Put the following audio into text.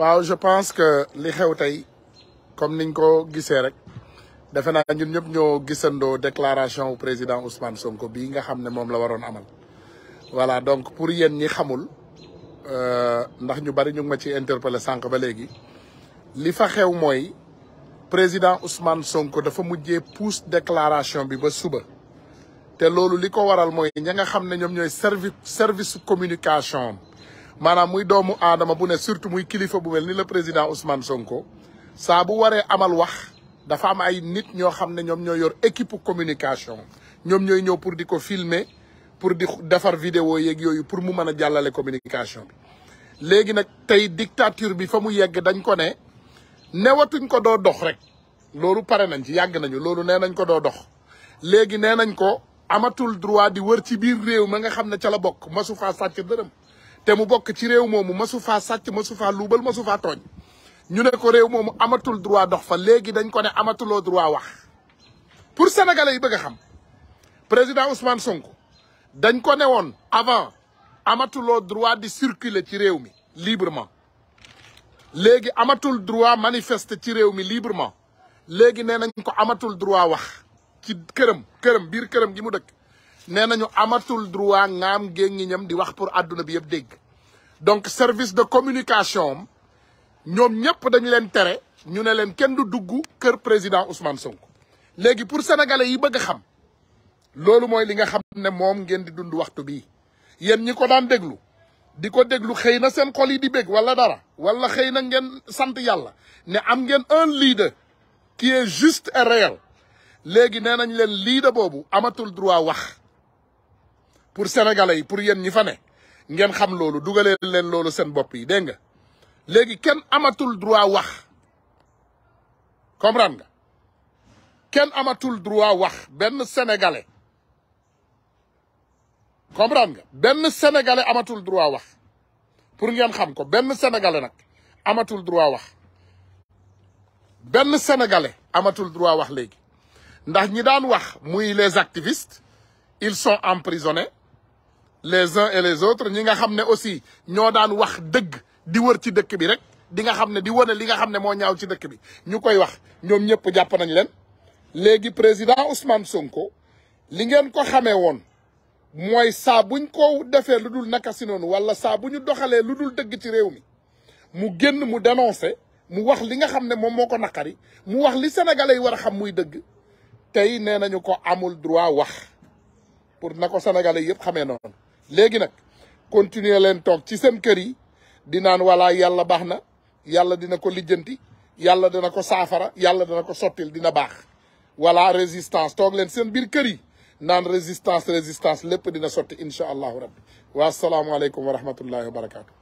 waaw je pense que li xew tey comme niñ ko gisee rek defe naa ñun ñëpp ñoo gisandoo déclaration président Ousmane Sonko bii nga xam ne moom la waroon amal voilà donc pour yéen ñi xamul euh, ndax ñu bari ñu ngi ma ci interpellé sànq ba léegi li fa xew mooy président Ousmane Sonko dafa mujjee pousse déclaration bi ba suba te loolu li ko waral mooy ña nga xam ne ñoom ñooy service service communication maanaam muy doomu aadama bu ne surtout muy kilifa bu mel ni la président Ousmane Sonko saa bu waree amal wax dafa am ay nit ñoo xam ne ñoom ñoo yor équipe communication ñoom ñooy ñëw pour di ko filmer pour di defar vidéo yeeg yooyu pour mu mën a jàllale communication bi. léegi nag tey dictature bi fa mu yegg dañ ko ne newatuñ ko doo dox rek loolu pare nañ ci yàgg nañu loolu nee nañ ko doo dox léegi nee nañ ko amatul droit di wër ci biir réew ma nga xam ne ca la bokk masu faa sàcc te mu bokk ci réew moomu masu faa sàcc masu faa luubal masu faa tooñ ñu ne ko réew moomu amatul droit dox fa léegi dañ ko ne amatuloo droit wax pour sénégalais yi bëgg a xam président Ousmane Sonko dañ ko ne woon avant amatuloo droit di circuler ci réew mi librement léegi amatul droit manifester ci réew mi librement léegi nee nañ ko amatul droit wax ci këram këram biir këram gi mu dëkk nee nañu amatul droit ngaam géngi ñam di wax pour àdduna bi yëpp dégg donc service de communication am ñoom ñëpp dañu leen tere ñu ne leen kenn du dugg kër président Ousmane Sonko léegi pour sénégalais yi bëgg xam loolu mooy li nga xam ne moom ngeen di dund waxtu bi yéen ñi ko daan déglu di ko déglu xëy na seen xol yi di bég wala dara wala xëy na ngeen sant yàlla ne am ngeen un leader qui est juste et réel léegi nee nañ leen leader boobu amatul droit wax pour sénégalais yi pour yéen ñi fa ngeen xam loolu dugale leen loolu seen bopp yi dégg nga léegi kenn amatul droit wax comprendre nga kenn amatul droit wax benn sénégalais comprendre nga benn sénégalais amatul droit wax pour ngeen xam ko benn sénégalais nag amatul droit wax benn sénégalais amatul droit wax léegi ndax ñi daan wax muy les activistes ils sont emprisonnés les uns et les autres ñi nga xam ne aussi ñoo daan wax dëgg di wër ci dëkk bi rek di nga xam ne di wane li nga xam ne moo ñaaw ci dëkk bi ñu koy wax ñoom ñëpp jàpp nañ leen léegi président Ousmane Sonko li ngeen ko xamee woon mooy saa buñ ko defee lu dul naka si noonu wala saa bu ñu doxalee lu dul dëgg ci réew mi mu génn mu dénoncé mu wax li nga xam ne moom moo ko naqari mu wax li sénégalais yi war a xam muy dëgg tey nee nañu ko amul droit wax pour na ko sénégalais yëpp xamee noonu léegi nag continuer leen toog ci seen kër yi di naan wala yàlla baax na yàlla dina ko lijjanti yàlla dana ko saafara yàlla dana ko sottil dina baax wala résistance toog leen seen biir kër yi naan résistance résistance lépp dina sotti incha allahu rabbi wa asalaamualeykum wa rahmatullahi wa barakaatu.